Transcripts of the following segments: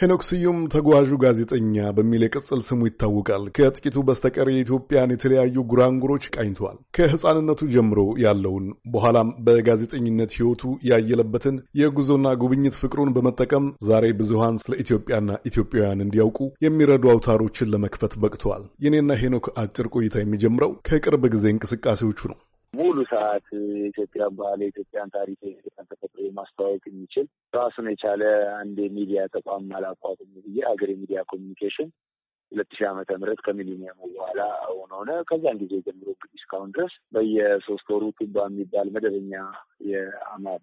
ሄኖክ ስዩም ተጓዡ ጋዜጠኛ በሚል የቅጽል ስሙ ይታወቃል። ከጥቂቱ በስተቀር የኢትዮጵያን የተለያዩ ጉራንጉሮች ቃኝቷል። ከሕፃንነቱ ጀምሮ ያለውን በኋላም በጋዜጠኝነት ሕይወቱ ያየለበትን የጉዞና ጉብኝት ፍቅሩን በመጠቀም ዛሬ ብዙሃን ስለ ኢትዮጵያና ኢትዮጵያውያን እንዲያውቁ የሚረዱ አውታሮችን ለመክፈት በቅተዋል። የኔና ሄኖክ አጭር ቆይታ የሚጀምረው ከቅርብ ጊዜ እንቅስቃሴዎቹ ነው። ሙሉ ሰዓት የኢትዮጵያን ባህል፣ የኢትዮጵያን ታሪክ፣ የኢትዮጵያን ተፈጥሮ ማስተዋወቅ የሚችል ራሱን የቻለ አንድ የሚዲያ ተቋም አላቋቁም ብዬ ሀገር የሚዲያ ኮሚኒኬሽን ሁለት ሺህ ዓመተ ምህረት ከሚሊኒየሙ በኋላ ሆነ ሆነ ከዛን ጊዜ ጀምሮ እንግዲህ እስካሁን ድረስ በየሶስት ወሩ ቱባ የሚባል መደበኛ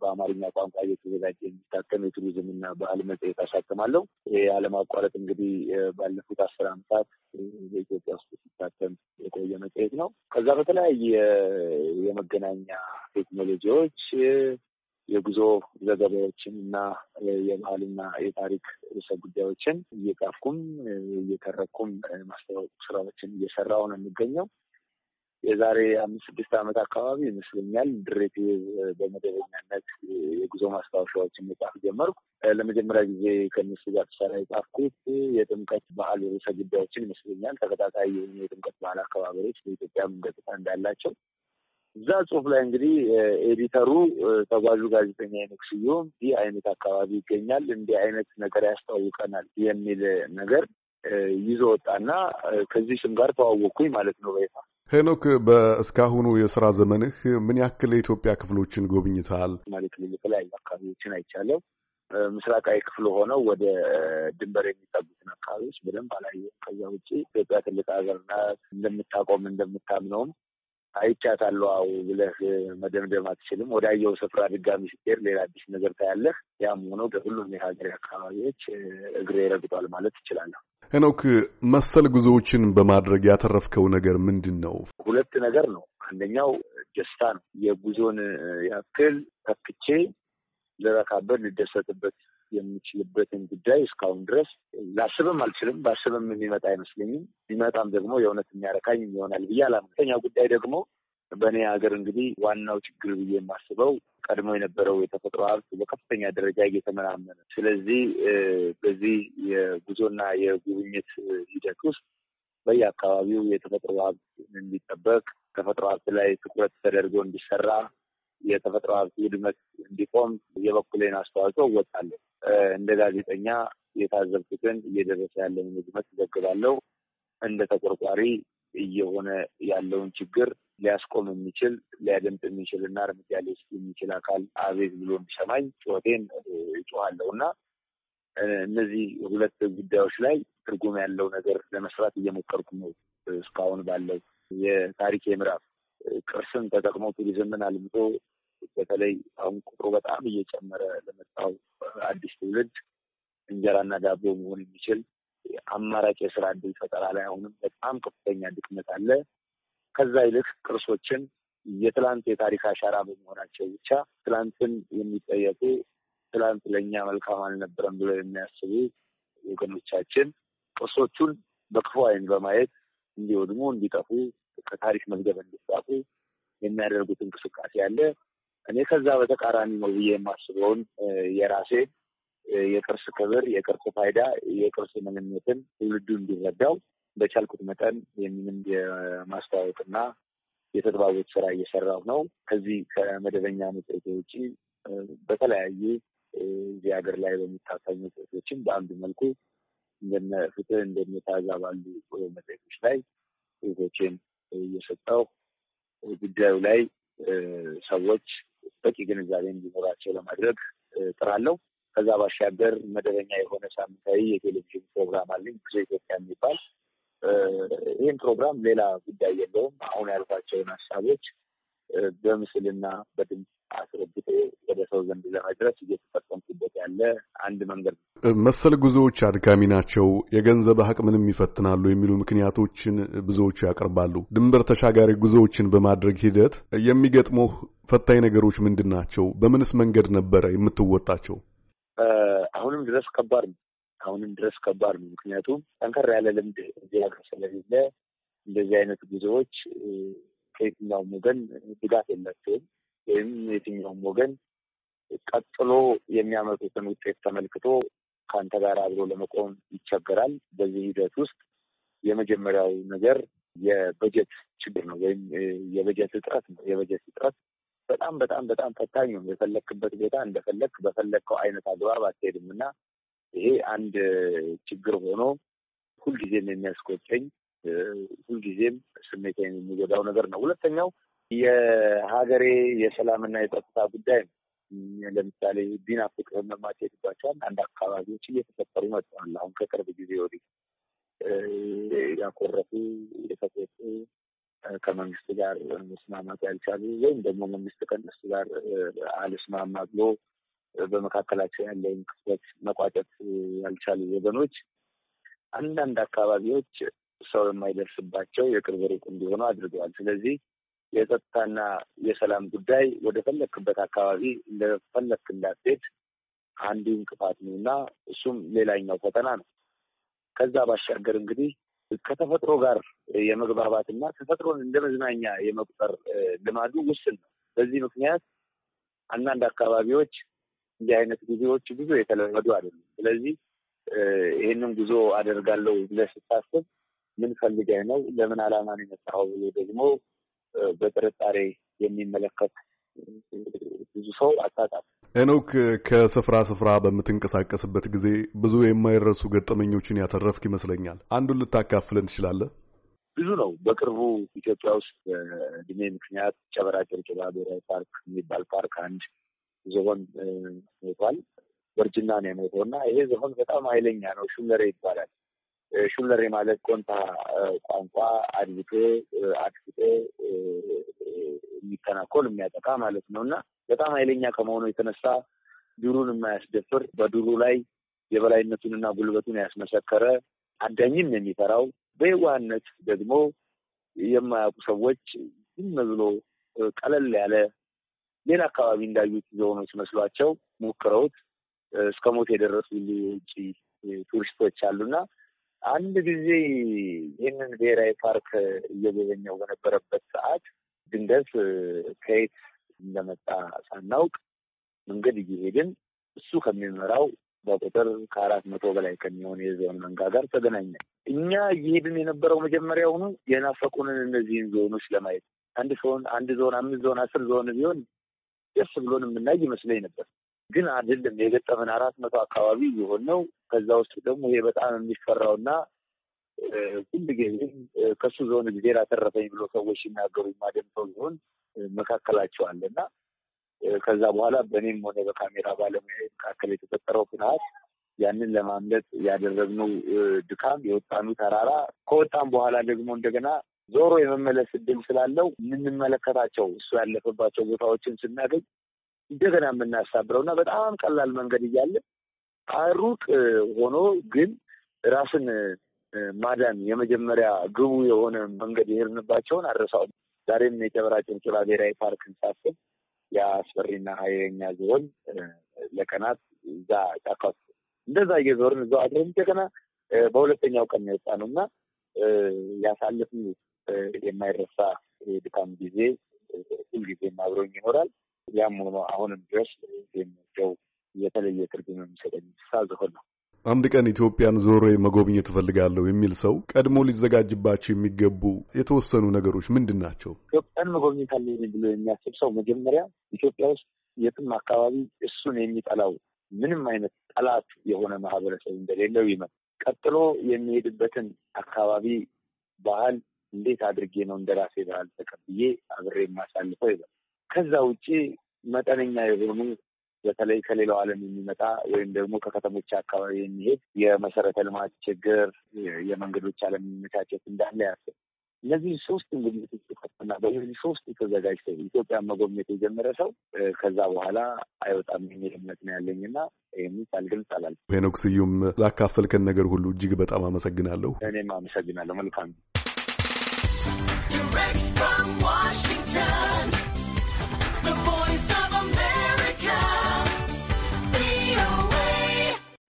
በአማርኛ ቋንቋ እየተዘጋጀ የሚታተም የቱሪዝምና ባህል መጽሔት አሳትማለሁ። ይህ አለማቋረጥ እንግዲህ ባለፉት አስር ዓመታት በኢትዮጵያ ውስጥ ሲታተም የቆየ መጽሔት ነው። ከዛ በተለያየ የመገናኛ ቴክኖሎጂዎች የጉዞ ዘገባዎችን እና የባህልና የታሪክ ርዕሰ ጉዳዮችን እየጻፍኩም እየተረኩም ማስታወቅ ስራዎችን እየሰራሁ ነው የሚገኘው። የዛሬ አምስት ስድስት ዓመት አካባቢ ይመስለኛል ድሬት በመደበኛነት የጉዞ ማስታወሻዎችን መጻፍ ጀመርኩ። ለመጀመሪያ ጊዜ ከእነሱ ጋር ተሰራ የጻፍኩት የጥምቀት በዓል ርዕሰ ጉዳዮችን ይመስለኛል። ተከታታይ የሆኑ የጥምቀት በዓል አካባቢዎች በኢትዮጵያ ምን ገጽታ እንዳላቸው እዛ ጽሁፍ ላይ እንግዲህ ኤዲተሩ ተጓዡ ጋዜጠኛ አይነት ስዩም ይህ አይነት አካባቢ ይገኛል እንዲህ አይነት ነገር ያስተዋውቀናል የሚል ነገር ይዞ ወጣና ከዚህ ስም ጋር ተዋወቅኩኝ ማለት ነው በይፋ። ሄኖክ በእስካሁኑ የስራ ዘመንህ ምን ያክል የኢትዮጵያ ክፍሎችን ጎብኝተሃል? ማለት የተለያዩ አካባቢዎችን አይቻለሁ። ምስራቃዊ ክፍል ሆነው ወደ ድንበር የሚጠጉትን አካባቢዎች በደንብ አላየሁም። ከዚያ ውጭ ኢትዮጵያ ትልቅ ሀገር ናት። እንደምታቆም እንደምታምነውም አይቻታለሁ አዎ ብለህ መደምደም አትችልም። ወዳየው ስፍራ ድጋሚ ስትሄድ ሌላ አዲስ ነገር ታያለህ። ያም ሆኖ በሁሉም የሀገሬ አካባቢዎች እግሬ ረግጧል ማለት እችላለሁ። ሄኖክ፣ መሰል ጉዞዎችን በማድረግ ያተረፍከው ነገር ምንድን ነው? ሁለት ነገር ነው። አንደኛው ደስታ ነው። የጉዞን ያክል ተክቼ ልረካበት ልደሰትበት የሚችልበትን ጉዳይ እስካሁን ድረስ ላስብም አልችልም። ባስብም የሚመጣ አይመስለኝም። ቢመጣም ደግሞ የእውነት የሚያረካኝ ይሆናል ብዬ አላምተኛ ጉዳይ ደግሞ በእኔ ሀገር እንግዲህ ዋናው ችግር ብዬ የማስበው ቀድሞ የነበረው የተፈጥሮ ሀብት በከፍተኛ ደረጃ እየተመናመነ፣ ስለዚህ በዚህ የጉዞና የጉብኝት ሂደት ውስጥ በየአካባቢው የተፈጥሮ ሀብት እንዲጠበቅ ተፈጥሮ ሀብት ላይ ትኩረት ተደርጎ እንዲሰራ የተፈጥሮ ሀብት ውድመት እንዲቆም የበኩሌን አስተዋጽኦ እወጣለሁ። እንደ ጋዜጠኛ የታዘብኩትን እየደረሰ ያለውን ውድመት እዘግባለሁ። እንደ ተቆርቋሪ እየሆነ ያለውን ችግር ሊያስቆም የሚችል ሊያደምጥ የሚችል እና እርምጃ ሊወስድ የሚችል አካል አቤት ብሎ እንዲሰማኝ ጩኸቴን እጮኋለሁ እና እነዚህ ሁለት ጉዳዮች ላይ ትርጉም ያለው ነገር ለመስራት እየሞከርኩ ነው። እስካሁን ባለው የታሪክ ምዕራፍ ቅርስን ተጠቅሞ ቱሪዝምን አልምቶ በተለይ አሁን ቁጥሩ በጣም እየጨመረ ለመጣው አዲስ ትውልድ እንጀራና ዳቦ መሆን የሚችል አማራጭ የስራ እድል ፈጠራ ላይ አሁንም በጣም ከፍተኛ ድክመት አለ። ከዛ ይልቅ ቅርሶችን የትላንት የታሪክ አሻራ በመሆናቸው ብቻ ትላንትን የሚጠየቁ ትላንት ለእኛ መልካም አልነበረም ብለው የሚያስቡ ወገኖቻችን ቅርሶቹን በክፉ ዓይን በማየት እንዲወድሙ እንዲጠፉ ከታሪክ መዝገብ እንዲጻፉ የሚያደርጉት እንቅስቃሴ አለ። እኔ ከዛ በተቃራኒ ነው ብዬ የማስበውን የራሴ የቅርስ ክብር፣ የቅርስ ፋይዳ፣ የቅርስ ምንነትን ትውልዱ እንዲረዳው በቻልኩት መጠን ይህንንም የማስተዋወቅና የተግባቦት ስራ እየሰራው ነው። ከዚህ ከመደበኛ መጽሔት ውጭ በተለያዩ እዚህ ሀገር ላይ በሚታተሙ መጽሔቶችም በአንዱ መልኩ እንደነ ፍትህ እንደነ ታዛ ባሉ መጽሔቶች ላይ ጽሑፎችን እየሰጠው ጉዳዩ ላይ ሰዎች በቂ ግንዛቤ እንዲኖራቸው ለማድረግ ጥራለሁ። ከዛ ባሻገር መደበኛ የሆነ ሳምንታዊ የቴሌቪዥን ፕሮግራም አለኝ ብዙ ኢትዮጵያ የሚባል ይህም ፕሮግራም ሌላ ጉዳይ የለውም። አሁን ያልኳቸውን ሀሳቦች በምስልና በድምፅ አስረግጦ ወደ ሰው ዘንድ ለመድረስ እየተጠቀምኩበት ያለ አንድ መንገድ ነው። መሰል ጉዞዎች አድካሚ ናቸው፣ የገንዘብ አቅምንም ይፈትናሉ የሚሉ ምክንያቶችን ብዙዎቹ ያቀርባሉ። ድንበር ተሻጋሪ ጉዞዎችን በማድረግ ሂደት የሚገጥመው ፈታኝ ነገሮች ምንድን ናቸው? በምንስ መንገድ ነበረ የምትወጣቸው? አሁንም ድረስ ከባድ ነው። አሁንም ድረስ ከባድ ነው። ምክንያቱም ጠንከር ያለ ልምድ እዚህ ሀገር ስለሌለ እንደዚህ አይነት ጉዞዎች ከየትኛውም ወገን ድጋፍ የላቸውም። ወይም የትኛውም ወገን ቀጥሎ የሚያመጡትን ውጤት ተመልክቶ ከአንተ ጋር አብሮ ለመቆም ይቸገራል። በዚህ ሂደት ውስጥ የመጀመሪያው ነገር የበጀት ችግር ነው፣ ወይም የበጀት እጥረት ነው። የበጀት እጥረት በጣም በጣም በጣም ፈታኝ ነው። የፈለግክበት ቦታ እንደፈለክ በፈለግከው አይነት አግባብ አትሄድም እና ይሄ አንድ ችግር ሆኖ ሁልጊዜም የሚያስቆጨኝ ሁልጊዜም ስሜቴን የሚጎዳው ነገር ነው። ሁለተኛው የሀገሬ የሰላምና የጸጥታ ጉዳይ ነው። ለምሳሌ ዲና ፍቅር መማቸሄድባቸው አንዳንድ አካባቢዎች እየተፈጠሩ መጥተዋል። አሁን ከቅርብ ጊዜ ወዲህ ያኮረፉ የተቆጡ ከመንግስት ጋር መስማማት ያልቻሉ ወይም ደግሞ መንግስት ከነሱ ጋር አልስማማ ብሎ በመካከላቸው ያለውን ክፍተት መቋጨት ያልቻሉ ወገኖች አንዳንድ አካባቢዎች ሰው የማይደርስባቸው የቅርብ ሩቅ እንዲሆኑ አድርገዋል። ስለዚህ የጸጥታና የሰላም ጉዳይ ወደ ፈለክበት አካባቢ እንደፈለክ እንዳትሄድ አንዱ እንቅፋት ነው እና እሱም ሌላኛው ፈተና ነው። ከዛ ባሻገር እንግዲህ ከተፈጥሮ ጋር የመግባባትና ተፈጥሮን እንደ መዝናኛ የመቁጠር ልማዱ ውስን ነው። በዚህ ምክንያት አንዳንድ አካባቢዎች እንዲህ አይነት ጊዜዎች ብዙ የተለመዱ አይደሉም። ስለዚህ ይህንን ጉዞ አደርጋለሁ ብለህ ስታስብ ምን ፈልገህ ነው፣ ለምን ዓላማ ነው የመጣኸው ብሎ ደግሞ በጥርጣሬ የሚመለከት ብዙ ሰው አጣጣም። ሄኖክ ከስፍራ ስፍራ በምትንቀሳቀስበት ጊዜ ብዙ የማይረሱ ገጠመኞችን ያተረፍክ ይመስለኛል። አንዱን ልታካፍለን ትችላለህ? ብዙ ነው። በቅርቡ ኢትዮጵያ ውስጥ በእድሜ ምክንያት ጨበራ ጩርጩራ ብሔራዊ ፓርክ የሚባል ፓርክ አንድ ዝሆን ሞቷል። በእርጅና ነው የሞተው እና ይሄ ዝሆን በጣም ኃይለኛ ነው። ሹመሬ ይባላል። ሹለሬ ማለት ቆንታ ቋንቋ አድብቶ አድፍጦ የሚተናኮል የሚያጠቃ ማለት ነው እና በጣም ኃይለኛ ከመሆኑ የተነሳ ዱሩን የማያስደፍር በዱሩ ላይ የበላይነቱንና ጉልበቱን ያስመሰከረ አዳኝም የሚፈራው በየዋህነት ደግሞ የማያውቁ ሰዎች ዝም ብሎ ቀለል ያለ ሌላ አካባቢ እንዳዩት ዝሆኖች መስሏቸው ሞክረውት እስከ ሞት የደረሱ ውጭ ቱሪስቶች አሉና አንድ ጊዜ ይህንን ብሔራዊ ፓርክ እየጎበኘው በነበረበት ሰዓት ድንገት ከየት እንደመጣ ሳናውቅ መንገድ እየሄድን እሱ ከሚመራው በቁጥር ከአራት መቶ በላይ ከሚሆን የዞን መንጋ ጋር ተገናኘ። እኛ እየሄድን የነበረው መጀመሪያውኑ የናፈቁንን እነዚህን ዞኖች ለማየት አንድ ሰውን አንድ ዞን አምስት ዞን አስር ዞን ቢሆን ደስ ብሎን የምናይ ይመስለኝ ነበር። ግን አይደለም የገጠመን አራት መቶ አካባቢ የሆን ነው። ከዛ ውስጥ ደግሞ ይሄ በጣም የሚፈራውና ሁል ጊዜም ከሱ ዞን ጊዜ ላተረፈኝ ብሎ ሰዎች ሲናገሩ የማደምጠው ዞን መካከላቸው አለና ከዛ በኋላ በእኔም ሆነ በካሜራ ባለሙያ መካከል የተፈጠረው ፍርሃት ያንን ለማምለጥ ያደረግነው ድካም የወጣኑ ተራራ ከወጣም በኋላ ደግሞ እንደገና ዞሮ የመመለስ እድል ስላለው የምንመለከታቸው እሱ ያለፈባቸው ቦታዎችን ስናገኝ እንደገና የምናሳብረው እና በጣም ቀላል መንገድ እያለ አሩቅ ሆኖ ግን ራስን ማዳን የመጀመሪያ ግቡ የሆነ መንገድ የሄድንባቸውን አረሳው። ዛሬም የጨበራ ጭንጭላ ብሔራዊ ፓርክ እንሳስብ የአስፈሪና ኃይለኛ ዝሆን ለቀናት እዛ ጫካ እንደዛ እየዞርን እዛው አድረን እንደገና በሁለተኛው ቀን የወጣ ነው እና ያሳለፍነው የማይረሳ የድካም ጊዜ ሁልጊዜም አብሮኝ ይኖራል። ያም ሆኖ አሁንም ድረስ የሚገው የተለየ ትርጉም የሚሰጠ እንስሳ ዝሆን ነው። አንድ ቀን ኢትዮጵያን ዞሬ መጎብኘት እፈልጋለሁ የሚል ሰው ቀድሞ ሊዘጋጅባቸው የሚገቡ የተወሰኑ ነገሮች ምንድን ናቸው? ኢትዮጵያን መጎብኘት አለ ብሎ የሚያስብ ሰው መጀመሪያ ኢትዮጵያ ውስጥ የትም አካባቢ እሱን የሚጠላው ምንም አይነት ጠላት የሆነ ማህበረሰብ እንደሌለው ይመ ቀጥሎ የሚሄድበትን አካባቢ ባህል እንዴት አድርጌ ነው እንደራሴ ባህል ተቀብዬ አብሬ የማሳልፈው ይበል ከዛ ውጭ መጠነኛ የሆኑ በተለይ ከሌላው ዓለም የሚመጣ ወይም ደግሞ ከከተሞች አካባቢ የሚሄድ የመሰረተ ልማት ችግር፣ የመንገዶች አለመመቻቸት እንዳለ ያለ እነዚህ ሶስት እንግዲህ እና በዚህ ሶስት ተዘጋጅቶ ኢትዮጵያን መጎብኘት የጀመረ ሰው ከዛ በኋላ አይወጣም የሚል እምነት ነው ያለኝ እና ይህም ሳልገልጽ አላልኩም። ሄኖክ ስዩም ላካፈልከን ነገር ሁሉ እጅግ በጣም አመሰግናለሁ። እኔም አመሰግናለሁ። መልካም